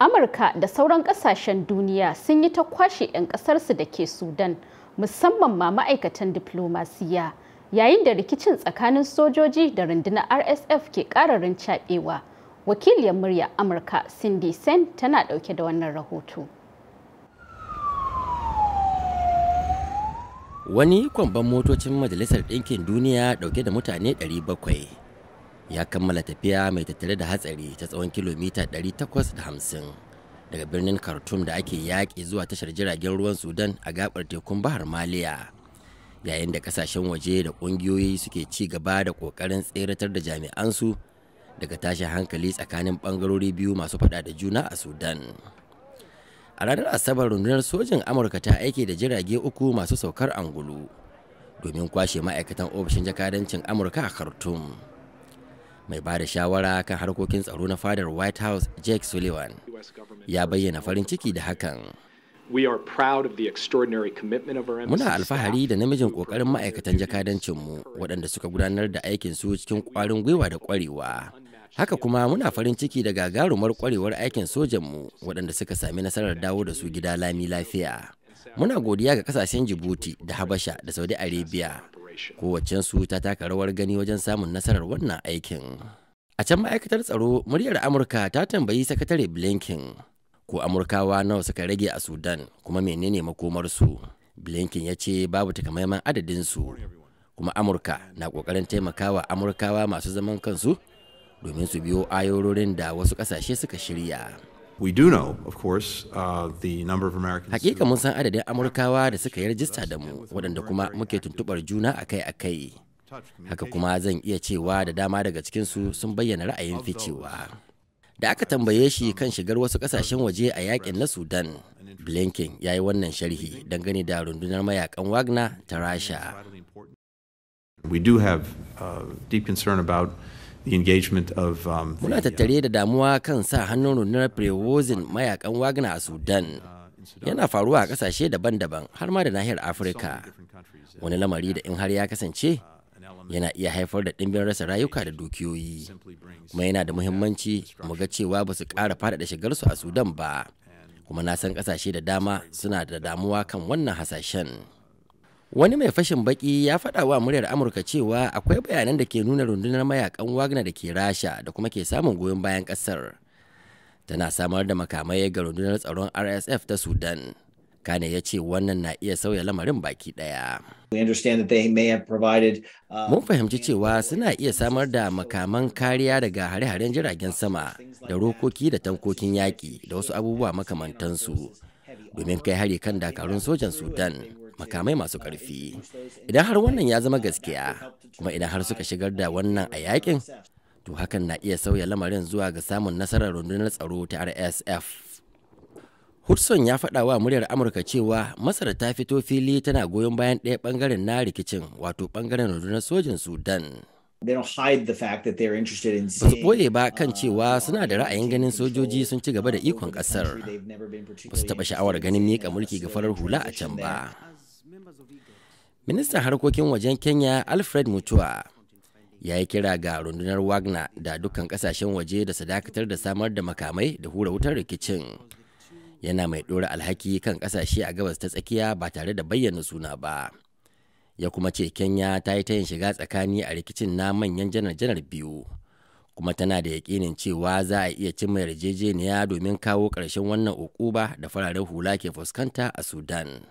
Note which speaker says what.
Speaker 1: amurka da sauran kasashen duniya sun yi ta kwashe 'yan kasarsu da ke sudan musamman ma ma'aikatan diplomasiya yayin da rikicin tsakanin sojoji da rundunar rsf ke kararin cabewa wakiliyar murya amurka cindy sen tana dauke da wannan rahoto wani kwamban motocin majalisar ɗinkin duniya ɗauke da mutane 700 ya kammala tafiya mai tattare da hatsari ta tsawon kilomita 850 daga birnin khartoum da ake yaƙi zuwa tashar jiragen ruwan sudan a gabar tekun bahar maliya yayin da kasashen waje da ƙungiyoyi suke ci gaba da ƙoƙarin tseratar da jami'ansu daga tashin hankali tsakanin ɓangarori biyu masu faɗa da juna a sudan a ranar asabar rundunar sojin amurka ta aiki da jirage uku masu saukar angulu domin kwashe ma'aikatan ofishin jakadancin amurka a khartoum mai ba da shawara kan harkokin tsaro na fadar white house jake sullivan ya bayyana farin ciki da hakan Muna alfahari da namijin ƙoƙarin ma'aikatan jakadancinmu waɗanda suka gudanar da aikin su cikin ƙwarin gwiwa da ƙwarewa. Haka kuma muna farin ciki da gagarumar ƙwarewar aikin sojanmu waɗanda suka sami nasarar dawo da su gida lami lafiya. Muna godiya ga kasashen jibuti da Habasha da Saudi Arabia Kowacensu ta taka rawar gani wajen samun nasarar wannan aikin. A can ma'aikatar tsaro muryar Amurka ta tambayi sakatare Blinken ko Amurkawa nawa suka rage a Sudan kuma menene makomarsu. Blinken ya ce babu takamaiman adadinsu kuma Amurka na ƙoƙarin taimakawa Amurkawa masu zaman kansu domin su biyo ayororin da wasu ƙasashe suka shirya. Uh, Hakika mun san adadin Amurkawa da suka yi rajista da mu waɗanda kuma muke tuntuɓar juna akai-akai. Haka kuma zan iya cewa da dama daga cikinsu sun bayyana ra'ayin ficewa. Da aka tambaye shi kan shigar wasu ƙasashen waje a yakin na Sudan, Blinken ya yi wannan sharhi dangane da rundunar mayakan Wagner ta Rasha. We do have uh, deep concern about the engagement um, Muna uh, tattare da damuwa kan sa hannun rundunar Prewozin mayakan Wagner a Sudan. Yana faruwa a kasashe daban-daban har ma da nahiyar Afirka. Wani lamari da in har ya kasance uh, yana iya haifar da ɗimbin rasa rayuka da dukiyoyi. Kuma yana da muhimmanci mu ga cewa ba su ƙara faɗaɗa shigarsu a Sudan ba. Kuma na san kasashe da dama suna da damuwa kan wannan hasashen. wani mai fashin baki ya faɗa wa muryar amurka cewa akwai bayanan da ke nuna rundunar mayakan wagner da ke rasha da kuma ke samun goyon bayan ƙasar tana samar da makamai ga rundunar tsaron rsf ta sudan kane ya ce wannan na iya sauya lamarin baki ɗaya uh, mun fahimci cewa suna iya samar da makaman kariya daga hare-haren jiragen sama da rokoki da tankokin yaƙi da wasu abubuwa makamantansu domin kai hari kan dakarun sojan sudan makamai masu ƙarfi idan har wannan ya zama gaskiya kuma idan har suka shigar da wannan a yakin to hakan na iya sauya lamarin zuwa ga samun nasarar rundunar tsaro ta rsf hudson ya faɗa wa muryar amurka cewa masar ta fito fili tana goyon bayan ɗaya ɓangaren na rikicin wato ɓangaren rundunar sojin sudan Ba su ɓoye ba kan cewa suna da ra'ayin ganin sojoji sun ci gaba da ikon ƙasar. Ba su taɓa sha'awar ganin miƙa mulki ga farar hula a can ba. ministan harkokin wajen kenya alfred mutua ya yi kira ga rundunar wagner da dukkan kasashen waje da su dakatar da samar da makamai da hura wutar rikicin yana mai ɗora alhaki kan kasashe a gabas ta tsakiya ba tare da bayyana suna ba ya kuma ce kenya ta yi tayin shiga tsakani a rikicin na manyan janar-janar biyu kuma tana da yaƙinin cewa za a iya cimma yarjejeniya domin kawo ƙarshen wannan ba da fararen hula ke fuskanta a sudan